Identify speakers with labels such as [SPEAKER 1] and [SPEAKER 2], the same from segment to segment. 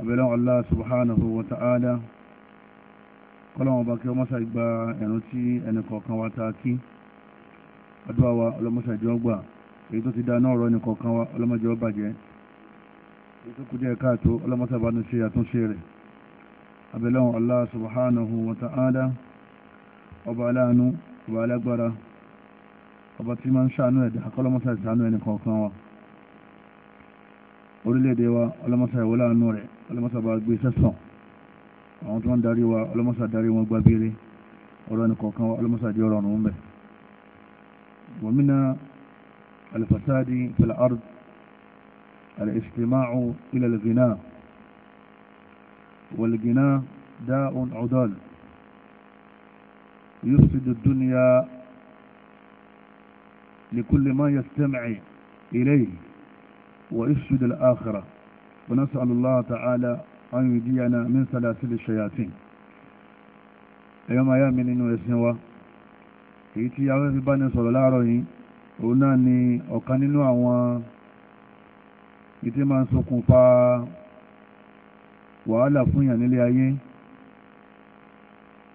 [SPEAKER 1] abẹ́lẹ́ Allah subhanahu wa ta'ala kọ́lọ́wọ́n bá kí wọ́n mọ́sá gba ẹ̀rùn tí ẹnì kọ̀ọ̀kan wa ta kí àdúrà wa ọlọ́mọsá jọ gbà èyí tó ti dá náà rọ ẹnì kọ̀ọ̀kan wa ọlọ́mọjọ bàjẹ́ èyí tó kú káàtó ọlọ́mọsá bá nu ṣe àtúnṣe rẹ̀ abẹ́lẹ́ Allah subhanahu wa ta'ala ọba aláàánú ọba alágbára ọba tí máa ń ṣàánú ẹ̀dá kọ́lọ́mọsá ìṣàánú ẹnì kọ̀ọ̀kan wa orílẹ̀-èdè wa ọlọ́mọsá ìwọlá àánú rẹ̀ ọlọ́mọsá bá gbé sẹ́sàn àwọn tí wọ́n ń darí wa ọlọ́mọsá darí wọn gba béèrè ọ̀rọ̀ ẹnì kọ̀ọ̀kan wa ọlọ́mọsá di ọ̀rọ̀ ọ̀nà wọn bẹ̀. wọ́mínà alifasadi fil ard الاستماع إلى الغناء والغناء داء عضال يفسد الدنيا لكل ما يستمع إليه ويفسد الآخرة ونسأل الله تعالى أن يجينا من سلاسل الشياطين ẹ̀yọ́mọ̀ ayá mi nínú ẹ̀sìn wa èyí tí a fẹ́ fi bá ní sọ̀rọ̀ láàárọ̀ yìí òun náà ni ọ̀kan nínú àwọn ìtí máa ń ṣokùnfà wàhálà fún yàn nílé ayé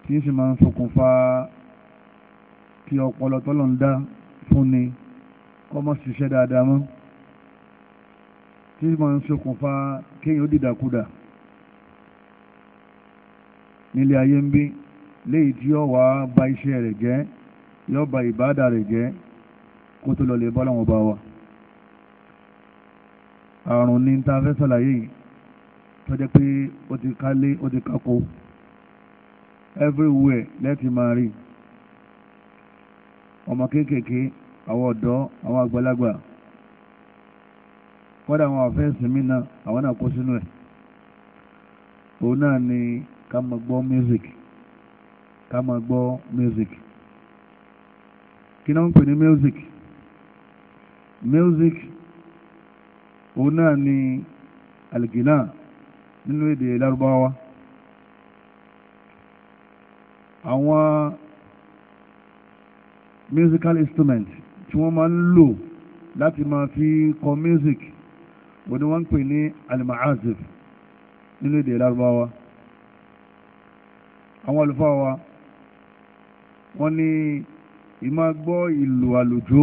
[SPEAKER 1] tí ń sì máa ń ṣokùnfà kí ọpọlọ tọ́lọ̀ ń dá fún ni kọ́mọ́ ṣiṣẹ́ dáadáa mọ́ tí ma ń ṣokùnfà kéèyàn dìdàkudà nílé ayé ń bí léyìí tí yóò wá ba iṣẹ́ rẹ̀ jẹ́ yóò ba ìbáàdà rẹ̀ jẹ́ kó tó lọ lè bọ́ láwọn ọba wa àrùn ní ta fẹ́ sàlàyé yìí tó jẹ́ pé ó ti kálé ó ti kákó everywhere máa rí ọmọ kéékèèké àwọn ọ̀dọ́ kọ́dà àwọn àfẹ́sìn mi náà àwọn náà kó sínú ẹ̀ òun náà ni ká máa gbọ́ music ká máa gbọ́ music kí náà ń pè ní music music òun náà ni alìgínà nínú èdè lárúbáwá àwọn musical instrument tí wọ́n máa ń lò láti máa fi kọ music bó ni wọ́n ń pè ní alimaazif nínú èdè lárúbáwá àwọn àlùfáà wa wọ́n ní ìmá gbọ́ ìlù àlùjó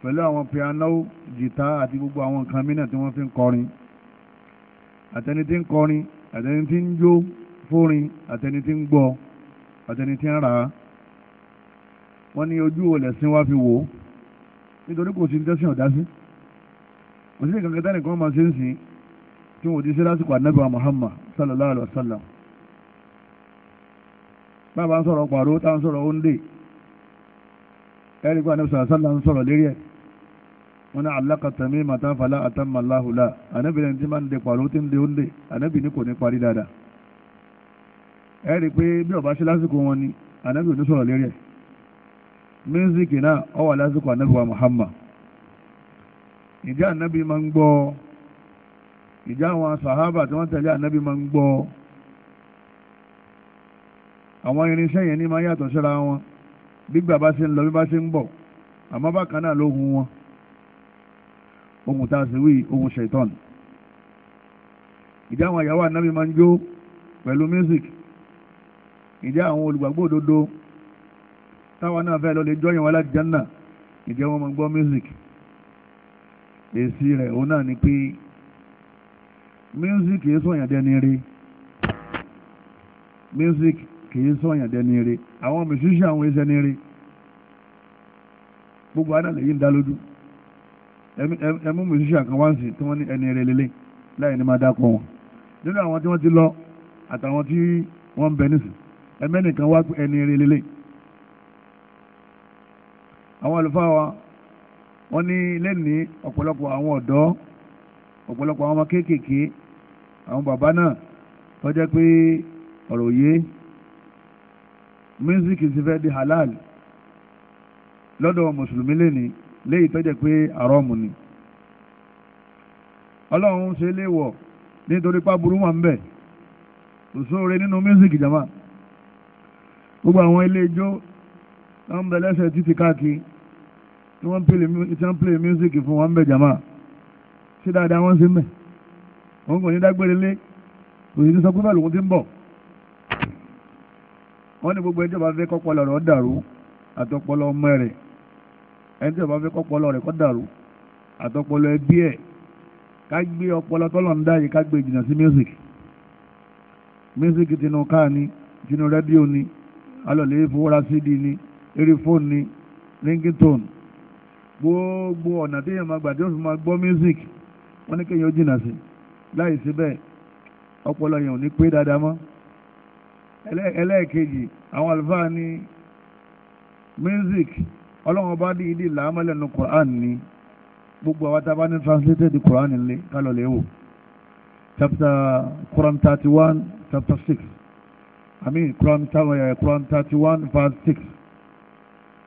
[SPEAKER 1] pẹ̀lú àwọn piano jìtá àti gbogbo àwọn nǹkan mìíràn tí wọ́n fi ń kọrin àtẹni tí ń kọrin àtẹni tí ń jó fórin àtẹni tí ń gbọ́ àtẹni tí ń rà á wọ́n ní ojú olẹ̀sìn wá fi wò nítorí kò sí ní tẹ́sán ọ̀dá sí kò sí nǹkan kẹta nìkan máa ṣe ń sìn tí wọn ti ṣe lásìkò ànábì Muhammad sallallahu alayhi wa sallam bàbá ń sọ̀rọ̀ pàrọ̀ tá ń sọ̀rọ̀ òǹdè ẹ̀rí pé ànábì sallallahu alayhi wa sallam ń sọ̀rọ̀ lérí ẹ̀ wọn ní alákàtà mi màtá fàlà àtàmàláhùlà ànábì ní ti máa ń de pàrọ̀ tí ń de òǹdè ànábì ní kò ní parí dáadáa ẹ̀rí pé bí ọba ṣe lásìkò wọn ni ànábì ò ní sọ̀rọ̀ lérí ẹ̀ mísíkì náà ó Muhammad ìjà ànábì máa ń gbọ́ ìjà àwọn sàhábà tí wọ́n tẹ̀lé ànábì máa ń gbọ́ àwọn irinṣẹ́ yẹn ní máa yàtọ̀ síra wọn gbígbà bá ṣe ń lọ bí bá ṣe ń bọ̀ àmọ́ bákan náà ló hun wọn ohun tá a sì wí ohun ṣètọ́nù ìjà àwọn àyàwó ànábì máa ń jó pẹ̀lú music ìjà àwọn olùgbàgbọ́ òdodo táwọn náà fẹ́ lọ lè jọyìn wọn láti jẹ́ náà ìjà wọn máa gbọ́ music èsì rẹ̀ òun náà ni pé music kìí sọ̀yàn dẹni rí music kìí sọ̀yàn dẹni rí àwọn mùsùlùmí àwọn ẹsẹ̀ ni rí gbogbo àná lèyí ń dá lójú ẹmú mùsùlùmí àkàn wá sí tí wọ́n ní ẹni rẹ̀ lélẹ̀ láì ní máa dákọ̀ wọn nínú àwọn tí wọ́n ti lọ àtàwọn tí wọ́n ń bẹ nísìn ẹmẹ́nìkan wá pé ẹni rẹ̀ lélẹ̀ àwọn àlùfáà wa wọ́n ní lẹ́ni ọ̀pọ̀lọpọ̀ àwọn ọ̀dọ́ ọ̀pọ̀lọpọ̀ àwọn ọmọ kéékèèké àwọn bàbá náà tọ́jẹ́ pé ọ̀rọ̀ òye mísíkì ti fẹ́ di halal lọ́dọ̀ mùsùlùmí lẹ́ni léyìí tọ́jẹ́ pé àrọ́ọ̀mù ni ọlọ́run ṣe léèwọ̀ nítorí pàbùrú wà ń bẹ̀ òṣòro nínú mísíkì jama gbogbo àwọn ilé ijó wọn bẹ lẹ́sẹ̀ títí káàkiri ni wọ́n ń play music fún wọn bẹ̀ jàmá ṣé dáadáa wọ́n ṣe ń bẹ̀ wọ́n kò ní dágbére lé òyìn tó sọ pé bẹ́ẹ̀ lòun ti ń bọ̀ wọ́n ní gbogbo ẹjọ́ bá fẹ́ kọ́pọ̀lọ́ rẹ̀ ó dàrú àtọpọlọ ọmọ rẹ̀ ẹni tí ó bá fẹ́ kọ́pọ̀lọ rẹ̀ kó dàrú àtọpọlọ ẹbí ẹ̀ ká gbé ọpọlọ tọ́lọ̀ ń dá yìí ká gbé jìnnà sí music music tinú káà ni tinú rẹ́díò ni alọ̀lẹ́ ìfowórasídìí ni eré fóònù ni ringtone gbogbo ọ̀nà tí èèyàn máa gbà tí wọ́n fi máa gbọ́ music wọ́n ní kéèyàn ó jìnnà sí láì sí bẹ́ẹ̀ ọpọlọ yẹn ò ní pé dáadáa mọ́ ẹlẹ́ẹ̀kejì àwọn àlùfáà ní music ọlọ́run ọba dí ìdí làámọ́lẹ́nu Qur'an ni gbogbo àwọn tá a bá ní translated Qur'an lé kálọ̀ lè wò chapter Qur'an thirty one chapter six I mean Qur'an uh, thirty one verse six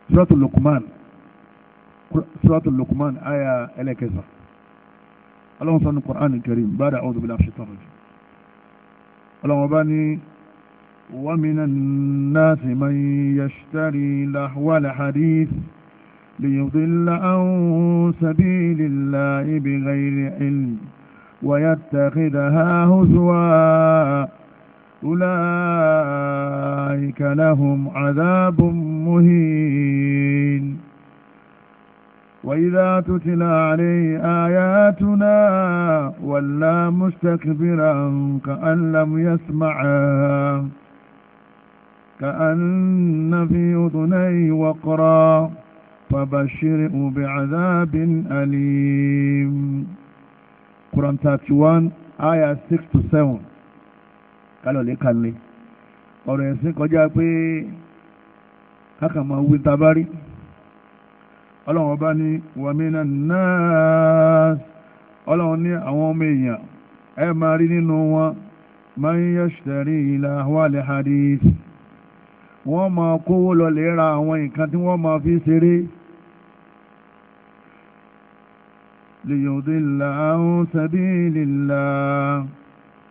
[SPEAKER 1] Suratul Luqman. سورة اللقمان آية إلى كذا اللهم صل القرآن الكريم بعد أعوذ بالله láti ṣètò ọ̀jọ̀ ọlọ́run bá ومن الناس من يشتري لهو الحديث ليضل عن سبيل الله بغير علم ويتخذها هزوا أولئك لهم عذاب مهين وَإِذَا تُتِلَ عليه آيَاتُنَا ولا مستكبرا كَأَنْ لَمْ يسمعها كأن في أذنيه وقرا فبشره بعذاب أليم Quran 31 ayah 6 to 7 kálọ̀ lè kàn lé ọ̀rọ̀ ẹ̀sìn kọjá pé kákà máa wí ọlọ́run bá ní wàmínà náà ọlọ́run ní àwọn ọmọ èèyàn ẹ máa rí nínú wọn máa ń yẹ́sùtẹ̀rí ìlà wàlẹ̀ hadith wọ́n máa kówó lọlẹ̀ ra àwọn nǹkan tí wọ́n máa fi ṣeré lèyọ̀dínlá ń sẹ́bílìlá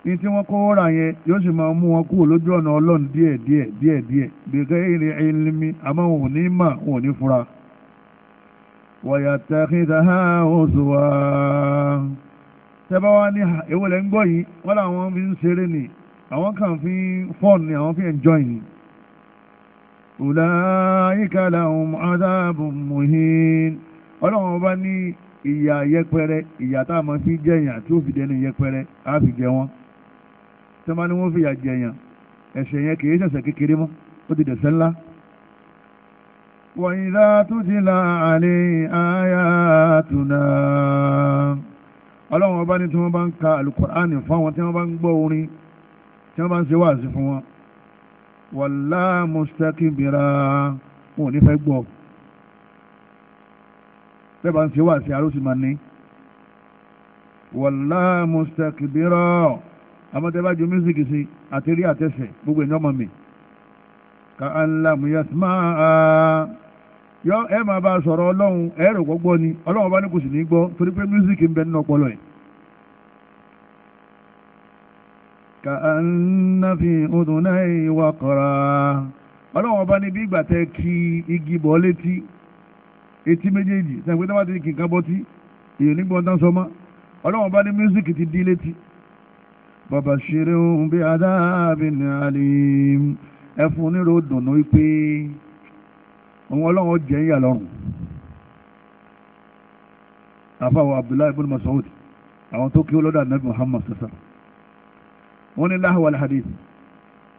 [SPEAKER 1] ní tí wọ́n kówó ra yẹn yóò sì máa mú wọn kúrò lójú ọ̀nà ọlọ́run díẹ̀díẹ̀ díẹ̀díẹ̀ bèkẹ́ ìrìn ilmi àmọ́ òun ní mà òun ní fura wọ̀yàtàkìdáhà òṣùwà tẹ́bá wá ní èwo lẹ́ ń gbọ́ yìí wọ́n làwọn fi ń ṣeré ni àwọn kan fi fọ́ọ̀n ni àwọn fi enjoy ni ulaika lahum adhabun muhin ọlọ́run ọba ní ìyà yẹpẹrẹ ìyà tá a máa fi jẹyàn tí ó fi dẹni yẹpẹrẹ á fi jẹ wọn tẹ́bá ni wọ́n fi yà jẹyàn ẹ̀ṣẹ̀ yẹn kì í ṣẹ̀ṣẹ̀ kékeré mọ́ ó ti dẹ̀ṣẹ̀ ńlá وإذا تتلى عليه آياتنا ọlọ́run ọba ní tí wọ́n bá ń ka alukur'ani fáwọn tí wọ́n bá ń gbọ́ orin tí wọ́n bá ń ṣe wáàsí fún wọn wàlá mustakibira wọn ò ní fẹ́ gbọ́ bẹ́ẹ̀ bá ń ṣe wáàsí arósì máa ní wàlá mustakibira àmọ́ tẹ́ bá ju mísíkì sí àtẹ́rí àtẹ́sẹ̀ gbogbo ẹ̀ ní ọmọ mi ka'an lam yasma'a yọ ẹ máa bá a sọ̀rọ̀ ọlọ́run ẹ rò gbọ́gbọ́ ni ọlọ́run bá ní kò sì ní gbọ́ torí pé mísíkì ń bẹ nínú ọpọlọ ẹ̀. ka'anna fi udunayhi waqra ọlọ́run bá ní bí ìgbà tẹ kí igi bọ̀ létí etí méjèèjì sẹ́yìn pé táwọn ti kì í kan bọ́tí èèyàn nígbà tán sọ mọ́ ọlọ́run bá ní mísíkì ti dí létí. babashirhum bi adhabin alim. ẹ fún onírò dùnú wípé òun ọlọ́run jẹ́ ń yà lọ́rùn àfàwọ̀ abdullahi ibn masoud àwọn tó kí ó lọ́dọ̀ anabi muhammad sasa wọ́n ní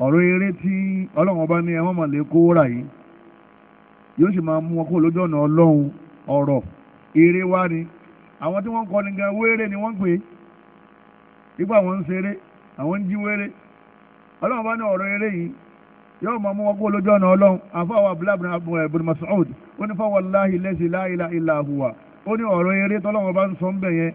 [SPEAKER 1] ọ̀rọ̀ eré tí ọlọ́run ọba ní ẹ̀wọ̀n màlẹ́ kó rà yìí yóò sì máa mú wọn lójú ọ̀nà ọlọ́run ọ̀rọ̀ eré wá ni àwọn tí ni wọ́n pè é ipò àwọn ń àwọn ń ọba ní ọ̀rọ̀ eré yìí yóò máa mú wọn kó lójú ọ̀nà ọlọ́run àfọwọ́ abdullahi ibn eh, Mas'ud ó ní fawallahi lazi la ilaha illa huwa ó ní ọ̀rọ̀ eré tọ́lọ́wọ́ bá ń sọ ń bẹ̀ yẹn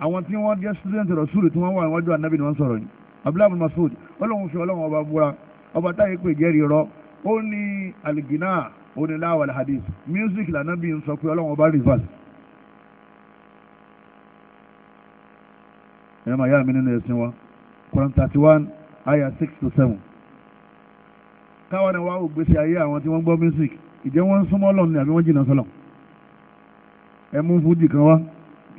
[SPEAKER 1] àwọn tí wọ́n jẹ́ student rasulu tí wọ́n wà níwájú anabi ni wọ́n sọ̀rọ̀ yìí abdullahi ibn Mas'ud ọlọ́run fi ọlọ́run ọba búra ọba táyé pé jẹ́rìí rọ ó ní alìgínà ó alhadis music lànà bí n sọ pé ọlọ́run ọba rival. ẹ̀rọ màá yá mi nínú ẹ̀sìn wa Quran thirty one ayah six to seven. káwọn ni wá ògbésí ayé àwọn tí wọ́n gbọ music ìjẹ́ wọ́n ń súnmọ́ ni àbí wọ́n jìnnà sọ́lọ̀ ẹ mú fújì kan wá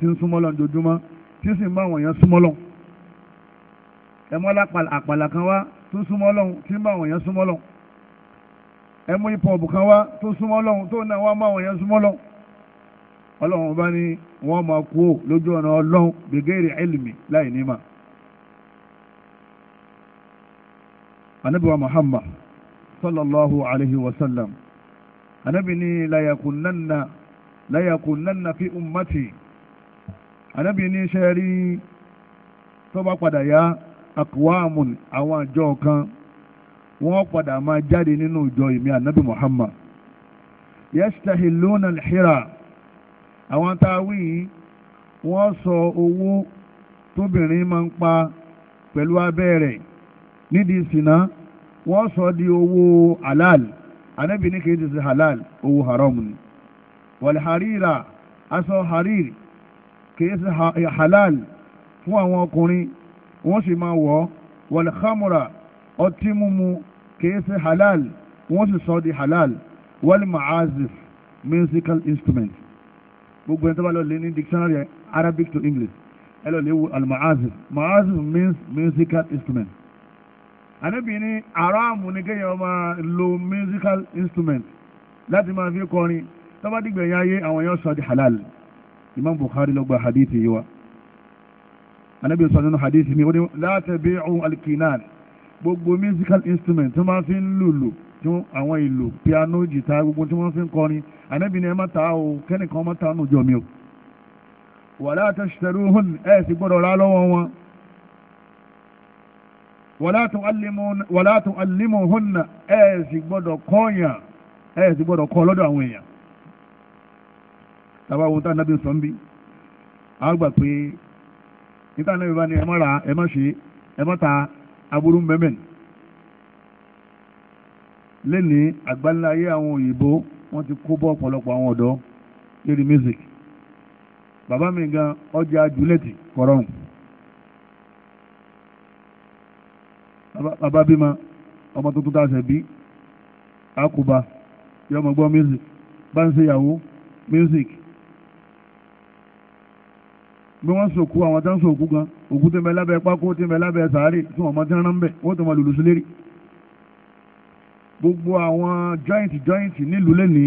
[SPEAKER 1] tí ń súnmọ́ lọ́n dojúmọ́ tí sì ń bá àwọn ẹ mú àpàlà kan tó súnmọ́ tí ń bá àwọn èèyàn ẹ mú tó tó àwọn ọlọ́run bá ní máa kú lójú ọ̀nà ọlọ́run sallallahu alayhi wa sallam anabi ni layakunanna layakunanna fi ummati anabi ni sẹ́rí tó bá padà yá akwamun àwọn àjọ kan wọ́n padà máa jáde nínú ìjọ ìmí anabi muhammad yastahiluna alhira àwọn tá a sọ owó tóbìnrin máa ń pa pẹ̀lú abẹ́ nídìí sìnà wọ́n sọ di owó halal anabi ní kì í ti ṣe halal owó haram ni wàlẹ̀ harira aṣọ harir kì í ṣe halal fún àwọn ọkùnrin wọ́n sì máa wọ̀ wàlẹ̀ khamura ọtí mímu kì í halal wọ́n sì sọ di halal wàlẹ̀ maazif musical instrument gbogbo ẹni tó bá lọ lé ní dictionary Arabic to English ẹ lọ lé wo al maazif maazif means musical instrument ànábì ní àràmù ní kéèyàn máa lo musical instrument láti máa fi kọrin tọ́ba dìgbẹ̀yìn ayé àwọn èèyàn sọ di halal imam bukhari ló gba hadith yìí wa ànábì sọ nínú hadith mi ó ní la tabi'u alkinan gbogbo musical instrument tó máa fi ń lùlù tí àwọn ìlú piano jìtá gbogbo tí wọ́n fi ń kọrin ànábì ní ẹ má ta o kẹ́nìkan má ta nù jọ mi o wala tashtaruhun ẹ̀ sì gbọ́dọ̀ rà lọ́wọ́ wọn wàlá tu'allimuhunna ẹ̀ sì gbọ́dọ̀ kọ́ọ̀yàn ẹ̀ sì gbọ́dọ̀ kọ́ lọ́dọ̀ àwọn èèyàn tàbá ohun tá nàbí sọ ń bí a gbà pé níta nàbí bá ní ẹ má ra ẹ má ṣe ẹ má ta aburú mẹ́mẹ́n lẹ́nìí àgbáńláyé àwọn òyìnbó wọ́n ti kó bọ́ ọ̀pọ̀lọpọ̀ àwọn ọ̀dọ́ lórí music bàbá mi gan ọjà julẹ́tì kọ̀rọ̀hùn bàbá bímọ ọmọ tuntun tá a ṣẹ̀ bí àkùbà yóò máa gbọ́ music bá ń ṣe ìyàwó music bí wọ́n sòkú àwọn tó ń sòkú gan òkú tó ń bẹ lábẹ́ pákó tó ń bẹ lábẹ́ sàárè tí wọ́n mọ tí wọ́n rán ń bẹ̀ wọ́n tó mọ lùlù sí lérí gbogbo àwọn joint joint nílùú lẹ́nìí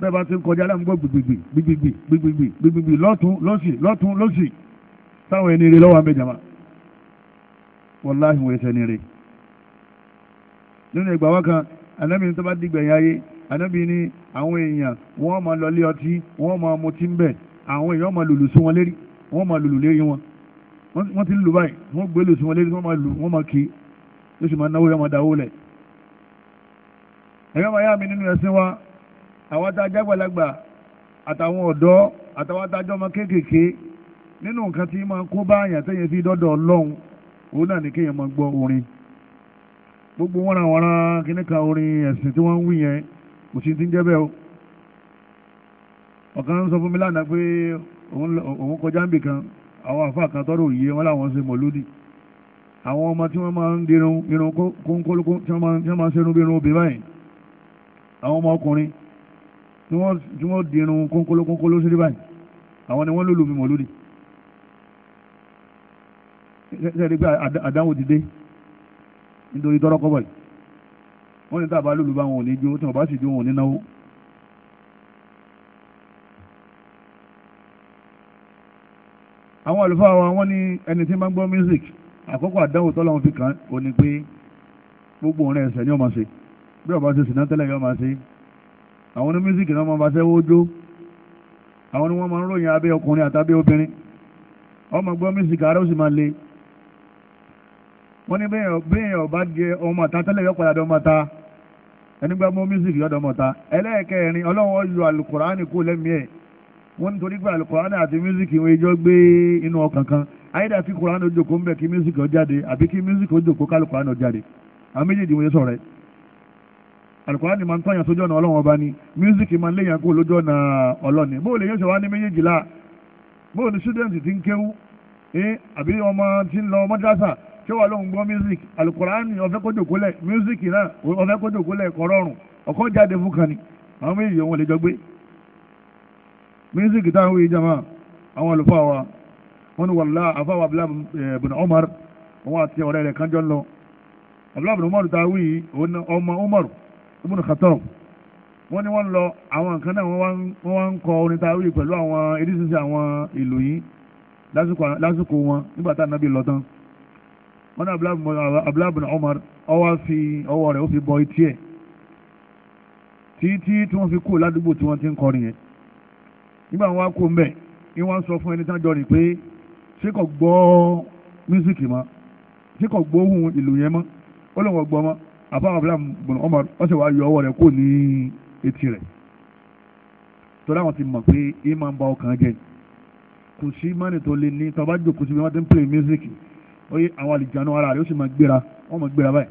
[SPEAKER 1] bẹ́ẹ̀ bá ti ń kọjá láàmúgbò gbìgbìgbì gbìgbìgbì gbìgbìgbì gbìgbìgbì lọ́tún lọ́sì lọ́tún lọ́sì táwọn ẹni rẹ lọ́wọ́ àbẹ̀jàmá wọ́n láhùn ẹsẹ̀ ni rẹ̀ nínú ìgbà wọn kan anábì ní tó bá dìgbẹ̀yìn ayé anábì ní àwọn èèyàn wọ́n máa lọlé ọtí wọ́n máa mutí ń bẹ̀ àwọn èèyàn máa lùlù sí wọn lérí wọ́n máa lùlù lérí wọn wọ́n ti lù báyìí wọ́n gbé lù sí wọn lérí wọ́n máa lù wọ́n máa kì í ó sì máa náwó yọ máa dáwó lẹ̀. ẹ̀yọ́ máa yá mi nínú ẹ̀sìn wa àwọn tá jágbàlagbà àtàwọn ọ̀dọ́ àtàwọn tá a kéékèèké nínú nǹkan tí máa kó báyà tẹ́yẹ gbogbo wọn ràn wọn ràn kíní kan orin ẹ̀sìn tí wọ́n ń wí yẹn kò sí ti ń jẹ́ bẹ́ẹ̀ o ọ̀kan ń sọ fún mi lánàá pé òun kọjá ń bì kan àwọn àfa kan tọ́rọ òye wọn làwọn ṣe mọ̀lódì àwọn ọmọ tí wọ́n máa ń dirun irun kónkólókó tí wọ́n máa ń ṣerun bí irun obì báyìí àwọn ọmọ ọkùnrin tí wọ́n dirun kónkólókónkóló sí báyìí àwọn ni wọ́n lòlù fi mọ̀lódì ṣe é rí pé àdáwò ti dé nítorí tọ́rọ́kọ́bọ̀ yìí wọ́n ní tàbá lùlù bá wọn ò ní jó tí wọ́n bá sì jó wọn ò ní náwó. àwọn àlùfáà wa wọ́n ní ẹni tí máa ń gbọ́ music àkókò àdánwò tọ́lá wọn fi kàn ó ní pé gbogbo òun ẹsẹ̀ ni wọ́n máa ṣe bí ọba ṣe sìnà tẹ́lẹ̀ yọ máa ṣe àwọn ní music náà máa bá ṣẹ́wó jó àwọn ni wọ́n máa ń ròyìn abẹ́ ọkùnrin àtàbí obìnrin ọmọ gbọ́ music ààrẹ ó sì máa le wọ́n ní bẹ́ẹ̀yàn ọba jẹ ọmọ ta tẹ́lẹ̀ yọpadà dọ́mọ ta ẹni gbàgbọ́ mísìkì yọ dọ́mọ ta ẹlẹ́ẹ̀kẹrin ọlọ́wọ́ yọ alukurani kó lẹ́mìí ẹ̀ wọ́n ní torí pé alukurani àti mísìkì wọn ìjọ gbé inú ọkàn kan ayédà kí kurani ojoko ńbẹ kí mísìkì ó jáde àbí kí mísìkì ojoko kálukurani ó jáde àwọn méjèèjì wọn yẹ sọrọ ẹ̀ alukurani máa ń tọ́yàn sójú ọ̀nà ọlọ́wọ́n ọba ni mísìkì máa ń tí wọ́n lóun gbọ́ music alukurani ọ̀fẹ́ kó music náà ọ̀fẹ́ kó dògólẹ̀ kọ́rọ́rùn ọkọ̀ jáde fún kan ni àwọn méjì wọn lè jọ gbé music táwọn wíyí jama àwọn àlùfáà wa wọn ni wàllá àfáwà abdullahi bin umar wọn àti ọ̀rẹ́ rẹ̀ kanjọ́ lọ abdullahi bin umar táwọn wíyí ọmọ umar ibùn khatab wọ́n ní wọ́n lọ àwọn nǹkan náà wọ́n wá ń kọ orin táwọn wíyí pẹ̀lú àwọn eréṣinṣin àwọn ìlú yìí lásìkò wọn nígbà tá nàbí lọ tán wọ́n ní abúlábùn Umar ọwọ́ fi ọwọ́ rẹ̀ ó fi bọ etí ẹ̀ títí tí wọ́n fi kú ládùúgbò tí wọ́n ti ń kọrin yẹn nígbà wọn kó mbẹ ni wọ́n sọ fún ẹni tájọ rìn pé ṣé kò gbọ́ mísíkì mọ́ ṣé kò gbọ́ ohun ìlú yẹn mọ́ ó lọ́wọ́ gbọ́ mọ́ àbá abúlábùn Umar wọ́n sì wá yọ ọwọ́ rẹ̀ kó ní etí rẹ̀ torí àwọn ti mọ̀ pé ìmọ̀ ń ba ọkàn jẹ́ kò sí mọ́nì tó lè ní tọ́ bá jòkó síbi wọ́n ti ń pè mísíkì oye àwọn àlìjánu ara rẹ̀ ó sì máa gbéra wọ́n máa gbéra báyìí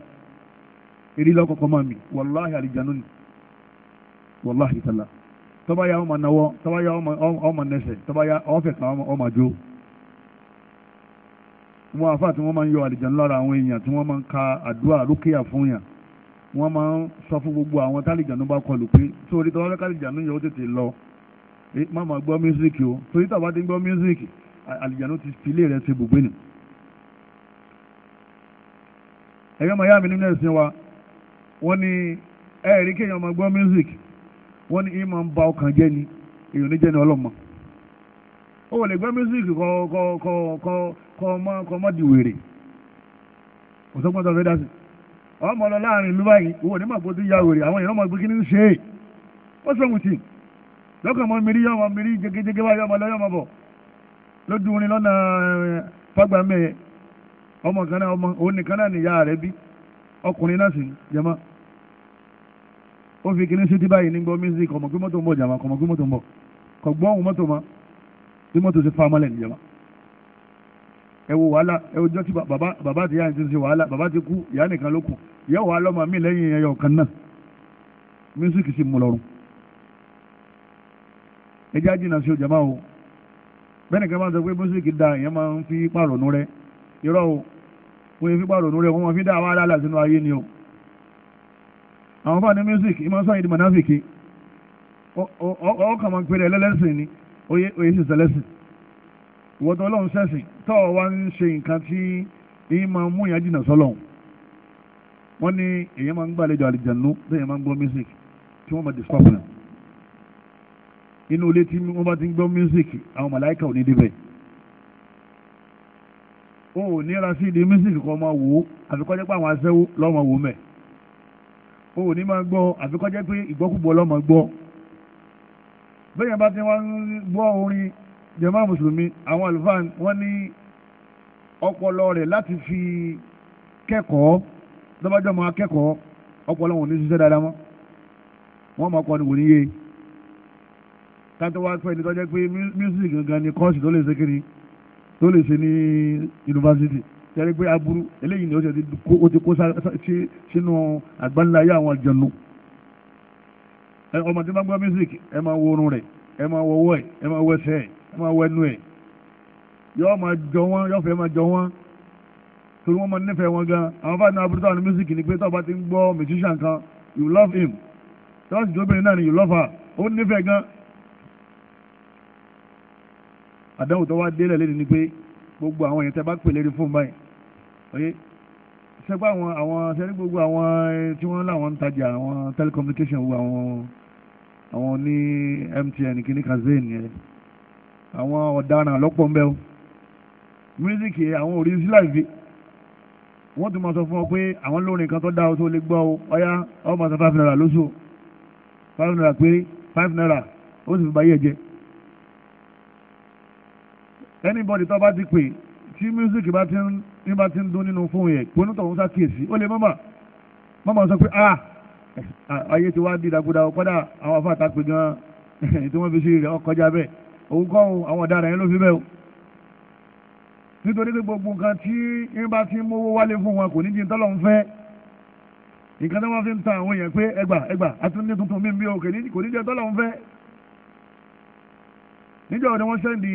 [SPEAKER 1] eré lọ́kọ̀ọ̀kan máa mì wàláhì àlìjánu ni wàláhì tàlà tọ́ba ya ọmọ náwọ́ tọ́ba ya ọmọ nẹsẹ̀ tọ́ba ya ọ̀fẹ́ kan ọmọ àjò wọn àfa tí wọ́n máa ń yọ àlìjánu lára àwọn èèyàn tí wọ́n máa ń ka àdúrà lókèyà fún yàn wọ́n máa ń sọ fún gbogbo àwọn tálìjánu bá kọlù pé sórí tọ́ba fẹ́ kálìjánu yọ ó tètè lọ eh, má máa gbọ́ mísíríkì o torí tàbá ti gbọ́ mísíríkì àlìjánu ti filé rẹ̀ ṣe bùgbé nìí ẹ̀yọ́ màá yá mi nínú ẹ̀sìn wa wọ́n ní ẹ̀rí kéèyàn máa gbọ́ music wọ́n ní ìmọ̀ ń ba ọkàn jẹ́ ni èèyàn ní jẹ́ ni ọlọ́mọ ó wọlé gbọ́ music kọ́ kọ́ kọ́ kọ́ kọ́ ọmọ kọ́ ọmọ di wèrè kò sọ́gbọ́n tó fẹ́ dá sí ọmọ lọ láàrin ìlú báyìí owó ní màgbó ti ya wèrè àwọn èèyàn máa gbé kí ní ṣe é wọ́n sọ̀rọ̀ tì lọ́kàn mọ́ mìírí yọ̀ọ́ mọ́ mìírí jẹgẹjẹgẹ wáyọ̀ ọmọ lọ́yọ̀ ọmọ bọ̀ lójú orin lọ́nà eh, fagbamẹ́yẹ ọmọ kan náà ọmọ òun nìkan náà nìyá rẹ̀ bí ọkùnrin náà sì ń jẹmọ́ ó fi kíní sí ti báyìí ní gbọ́ music ọmọ kí mọ́tò ń bọ̀ jàmọ́ ọmọ kí mọ́tò ń bọ̀ kò gbọ́ ohun mọ́tò mọ́ bí mọ́tò ṣe fa ọmọlẹ̀ nìjẹmọ́ ẹ wo wàhálà ẹ wo jọ́sí bàbá bàbá àti ìyá ti ṣe wàhálà bàbá ti kú ìyá nìkan ló kù ìyá wàá lọ́mọ mi lẹ́yìn ẹyọ kan náà music sì mú lọ́rùn ẹ jẹ́ sí ọjà o bẹ́ẹ̀ nìkan máa sọ pé music da ìyẹn máa ń fi pààrọ̀ nú rẹ irọ́ o wọ́n yẹ fipá ronú rẹ̀ wọ́n mọ̀ fi dá àwọn aláàlá sínú ayé ni o àwọn fáwọn ní music ìmọ̀ sọ́yìn di mọ̀náfìkì ọkàn máa ń pèrè ẹlẹ́lẹ́sìn ni oyè sì sẹlẹ́sìn ìwọ́tọ̀ ọlọ́run sẹ́sìn tọ́ ọ wá ń ṣe nǹkan tí èyí máa mú ìyá jìnnà sọ́lọ́run wọ́n ní èyàn máa ń gbàlejò àlìjànú lẹ́yìn máa ń gbọ́ music tí wọ́n máa disturb náà inú ilé tí wọ́n bá ti ń gbọ́ music àwọn màláìkà ò ní débẹ̀ wọn ò ní ra sí ìdí mísìlì kan máa wò ó àfikọ́jẹ́ pé àwọn aṣẹ́wó lọ́mọ wò mẹ́ wọn ò ní máa gbọ́ àfikọ́jẹ́ pé ìgbọ́kúgbọ́ lọ́mọ gbọ́ bẹ́ẹ̀ bá ti wá ń gbọ́ orin jàmá mùsùlùmí àwọn àlùfáà wọ́n ní ọpọlọ rẹ̀ láti fi kẹ́kọ̀ọ́ lọ́bàjọ́ máa kẹ́kọ̀ọ́ ọpọlọ wọn ò ní ṣiṣẹ́ dáadáa mọ́ wọ́n máa kọ́ ni wò níye tátọ́wá pẹ́ ní tọ́jẹ́ pé music tó lè ṣe kiri tó lè ṣe ní yunifásitì tẹ́lẹ̀ pé aburú eléyìí ni ó ti kó sínú àgbáńláyé àwọn àjọnu ọmọ tí gbọ́ music ẹ máa wo orun rẹ̀ ẹ máa wo ọwọ́ ẹ̀ ẹ máa wo ẹsẹ̀ ẹ̀ ẹ máa wo ẹnu ẹ̀ yọ́ọ́ máa jọ wọ́n yọ́ọ́ fẹ́ máa jọ wọ́n torí wọ́n máa nífẹ̀ẹ́ wọn gan àwọn fáwọn náà aburútọ́ àwọn music ni pé tọ́ba ti ń gbọ́ musician kan you love him tọ́sí tóbi náà ni you love her ó nífẹ̀ẹ́ gan àdáhùn tó wá délẹ̀ lẹ́nu ni pé gbogbo àwọn èèyàn tẹ́ bá pè lérí fóun báyìí oye sẹ́pà àwọn àwọn sẹ́ni gbogbo àwọn tí wọ́n láwọn ń tajà àwọn telecommunication wo àwọn àwọn ní MTN kìíní kazeem yẹn àwọn ọ̀daràn lọ́pọ̀ ń bẹ́ o mísíkì àwọn òrí síláìfì wọ́n tún máa sọ fún ọ pé àwọn lórin kan tó dá o tó lè gbọ́ o ọ̀yá ọ máa san five naira lóṣù five naira péré five naira ó sì fi báyé ẹ̀ jẹ́ anybody tó bá ti pè tí music bá ti ń bá ti ń dún nínú fóun yẹn pé onítọ̀hún sá kíyèsí ó lè mọ́mọ́ mọ́mọ́ sọ pé ah eh, ayé ti wá di ìdàkudà ọ̀pọ̀dà àwọn afọ àtàpè gan-an tí wọ́n fi ṣe rẹ̀ ọkọjá bẹ́ẹ̀ òun kọ́ àwọn ọ̀daràn yẹn ló fi bẹ́ẹ̀ o nítorí pé gbogbo nǹkan tí ń bá ti ń mówó wálé fún wọn kò ní jí tọ́lọ̀ ń fẹ́ nǹkan tí wọ́n fi ń ta àwọn èèyàn pé ẹgbà ẹgbà àtúndé tuntun mi bí o kò ní jẹ́ tọ́lọ̀ ń fẹ́ níjọ́ ni wọ́n ṣẹ́ndì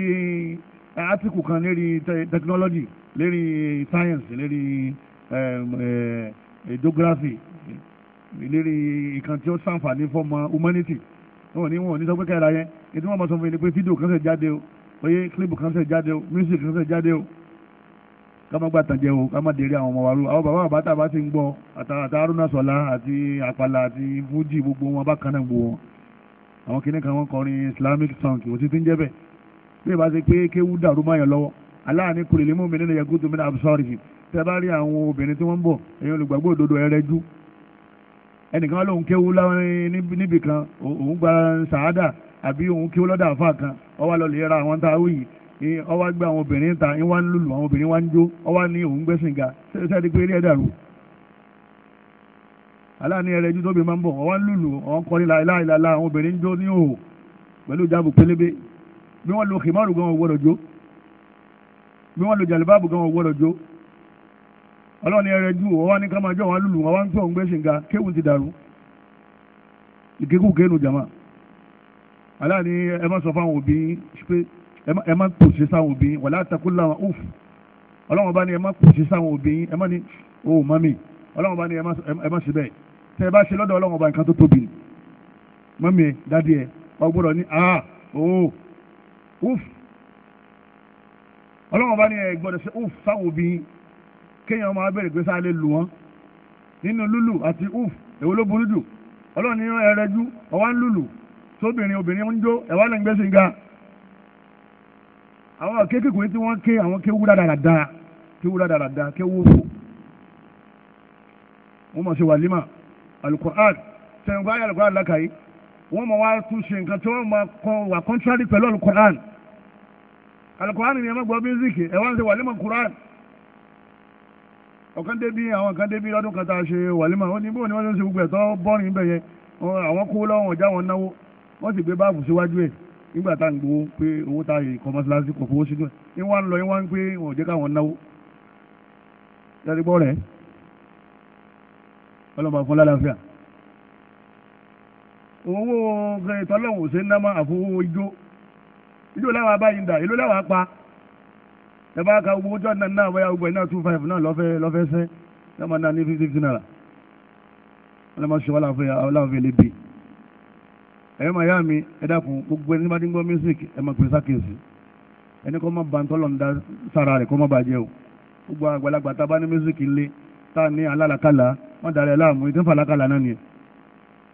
[SPEAKER 1] átíkù eh, kan lérí technology lérí science lérí eh, geography lérí ìkan tí ó ṣàǹfààní fọmọ humanity wọn ò ní wọn ò ní sọ pé kẹ́ra yẹn ètò wọn máa sọ fún mi ni pé fídíò kan ṣẹ̀ jáde o oyè clip kan ṣẹ̀ jáde o music kan ṣẹ̀ jáde o ká má gbà tàn jẹ o ká má dèrè àwọn ọmọ wa ru àwọn bàbá bàbá tá a bá ti ń gbọ́ àtàrúnà sọlá àti àpàlà àti fújì gbogbo wọn bákan náà gbogbo wọn àwọn kìnnìkan wọn kọrin islamic song kò sí ti ń jẹ́ bẹ́ẹ̀ bí ìbá ṣe pé kéwú dàrú máyàn lọ́wọ́ aláàánú kò lè lè mú mi nínú yagudu mi náà sọ́ọ̀rì sí tẹ́ bá rí àwọn obìnrin tí wọ́n ń bọ̀ èyí olùgbàgbọ́ òdodo ẹrẹ́jú ẹnìkan lòun kéwú níbì kan òun gba sàádà àbí òun kéwú lọ́dà àfa kan ọwọ́ lọ lè ra àwọn tá a wí yìí ọwọ́ gbé àwọn obìnrin ta ń wá ń lùlù àwọn obìnrin wá ń jó ọwọ́ ní òun gbẹ́sìn ga sẹ́ẹ̀dí pé ilé dàrú aláàánú ẹrẹ́jú tóbi máa ń bọ̀ ọwọ́ ń lùlù ọ̀hún kọ́ni láìláìláìlá àwọn obìnrin ń jó ní òhò pẹ̀lú ìjábù pélébé bí wọ́n lo kìmọ́rù gan wọn gbọ́dọ̀ jó bí wọ́n lo jàlùbáàbù gan wọn gbọ́dọ̀ jó ni ẹrẹ ju ọwọ́ ní ká máa jọ wọn lùlù wọn wá ń tó òun gbé ṣìǹga kéwù ti dàrú ìkékù kéènù jàmá aláàní ẹ má sọ fáwọn òbí pé ẹ má tòṣe sáwọn òbí wà látàkùn láwọn òfù ọlọ́run bá ní ẹ má tòṣe sáwọn òbí ẹ má ní o mami ọlọ́run bá ní ẹ má ṣe bẹ́ẹ̀ tẹ ẹ bá ṣe lọ́dọ̀ ọlọ́run bá nǹkan tó tóbi mami ẹ dádì ẹ ọgbọ́dọ̀ ní a o uf ọlọ́wọ́n bá ní ẹ gbọ́dọ̀ ṣe uf sáwọn obìnrin kéèyàn máa bẹ̀rẹ̀ pé sáà lè lù wọ́n nínú lulu àti uf èwo ló burú jù ọlọ́ọ̀ni ẹrẹ́jú ọwá ń lulu tóbìnrin obìnrin ń jó ẹ̀wá lè ń gbé sìnga àwọn kékeré tí wọ́n ké àwọn kéwú dáadáa kéwú dáadáa kéwú fò wọ́n mọ̀ sí wàlímà alukur'an sẹ̀yìn kó ayé alukur'an lákàáyé wọ́n mọ̀ wá tún ṣe nǹkan tí wọ́n mọ̀ kọ́ wà contrary pẹ̀lú alukoran alukoran ni ẹ má gbọ́ mísíkì ẹ wá ń ṣe wàlímọ̀ koran ọ̀kan débi àwọn kan débi lọ́dún kan tá a ṣe wàlímọ̀ ó ní bóun ni wọ́n ṣe gbogbo ẹ̀tọ́ bọ́ọ̀rì ń bẹ̀ yẹn àwọn kó lọ́wọ́ ọ̀já wọn náwó wọ́n sì gbé báàbù síwájú ẹ̀ nígbà tá à ń gbowó pé owó tá a yè kọ́ mọ́ṣáláṣí owó gan ìtọ́lọ́wò ṣe ń ná mọ́ àfowó ijó ijó láwọn abáyé ń dà èló láwọn apá ẹ bá ka owó jọ́ náà náà bóyá gbogbo ẹ̀ náà two five náà lọ́fẹ́ lọ́fẹ́ sẹ́ ẹ máa ná ní fifty fifty naira wọn lè máa ṣe wàhálà fún aláwọ̀ fẹ́lẹ́ bì ẹ̀yẹ́ màá yá mi ẹ dákun gbogbo ẹni tí wọ́n ti ń gbọ́ music ẹ máa pè sákèsì ẹni kọ́ máa ba ntọ́lọ̀ ń da sára rẹ̀ kọ́ máa bàjẹ́ o gbogbo àgbàlagbà tá a bá ní music ńlẹ̀ tá a ní alálàkàlà má dàrẹ́ láàmú ìtẹ́fà alákàlà náà nìyẹn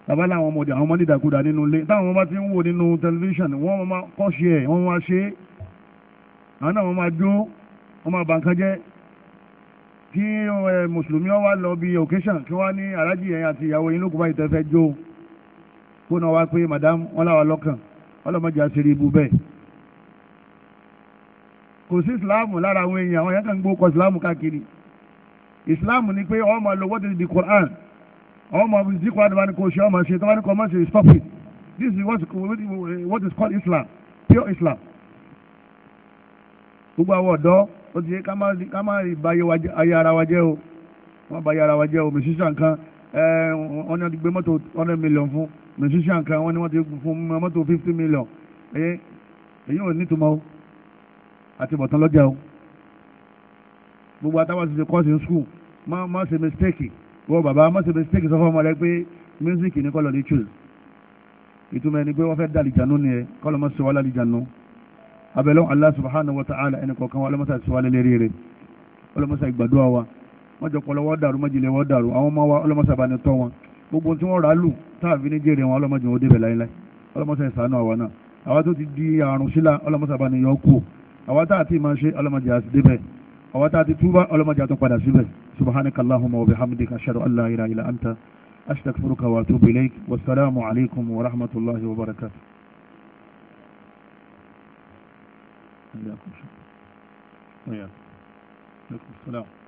[SPEAKER 1] bàbá làwọn ọmọdé àwọn ọmọdé dàgúdà nínú ilé táwọn ọmọ ti ń wò nínú tẹlifíṣàn wọ́n máa kọ́ ṣe ẹ̀ wọ́n máa ṣe é àwọn náà wọ́n máa jó wọ́n máa bà nǹkan jẹ́ kí mùsùlùmí wá lọ bí occasion kí wọ́n ní aláàjì yẹn àti ìyàwó yín lókùnbá ìtẹ́fẹ́ jó kó náà wá pé madam wọn làwọn lọ́kàn ọlọ́mọdé àṣírí ibú bẹ́ẹ̀ kò sí ìsìláàmù lára àwọn èèyàn àwọn èèyàn kan gbó kọ ìsìláàmù káàkiri ìsìláàmù ni pé ọmọ lọ what is the Quran All my àbùsí kọ́ àdìbá ni kò ṣe ọmọ ṣe tó bá ní ọmọ ṣe stop it this is what, what is called Islam pure Islam gbogbo àwọn ọ̀dọ́ ó ti ká má ba ayé ara wa jẹ́ o wọ́n ba ayé ara wa jẹ́ o musician kan eh, wọ́n ní wọ́n ti gbé mọ́tò hundred million fún musician kan wọ́n ní wọ́n ti fún mọ́tò fifty million èyí ò ní tuma o àti bọ̀tán lọ́jà o gbogbo àtàwọn ti ṣe kọ́ọ̀sì ní school má má ṣe mistake wọ́n bàbá mọ́sẹ̀ mistake sọ fún ọmọ rẹ pé music ní kọ́lọ̀ ní choose ìtumọ̀ ẹni pé wọ́n fẹ́ dàlìjànú ni ẹ kọ́lọ̀ mọ́ sọ̀wá lálìjànú abẹ́lẹ́ Allah subhanahu wa ta'ala ẹni kọ̀ọ̀kan wa ọlọ́mọ́sà sọ̀wá lélẹ́rẹ́ rẹ ọlọ́mọ́sà ìgbàdúrà wa wọ́n jọ pọ̀lọ́ wọ́n dàrú mọ́jìlẹ̀ wọ́n dàrú àwọn ọmọ wa ọlọ́mọ́sà bá ní tọ́ wọn gbogbo tí wọ́n rà á lù táàfin ní jèrè wọn ọlọ́mọdé wọn débẹ̀ láyé láyé ọlọ́mọsà ìsànú àwa náà àwa tó ti وتا تتوبا علماء جاتو قد سبس سبحانك اللهم وبحمدك أشهد أن لا إله إلا أنت أستغفرك وأتوب إليك والسلام عليكم ورحمة الله وبركاته عليكم شكرا وياكم السلام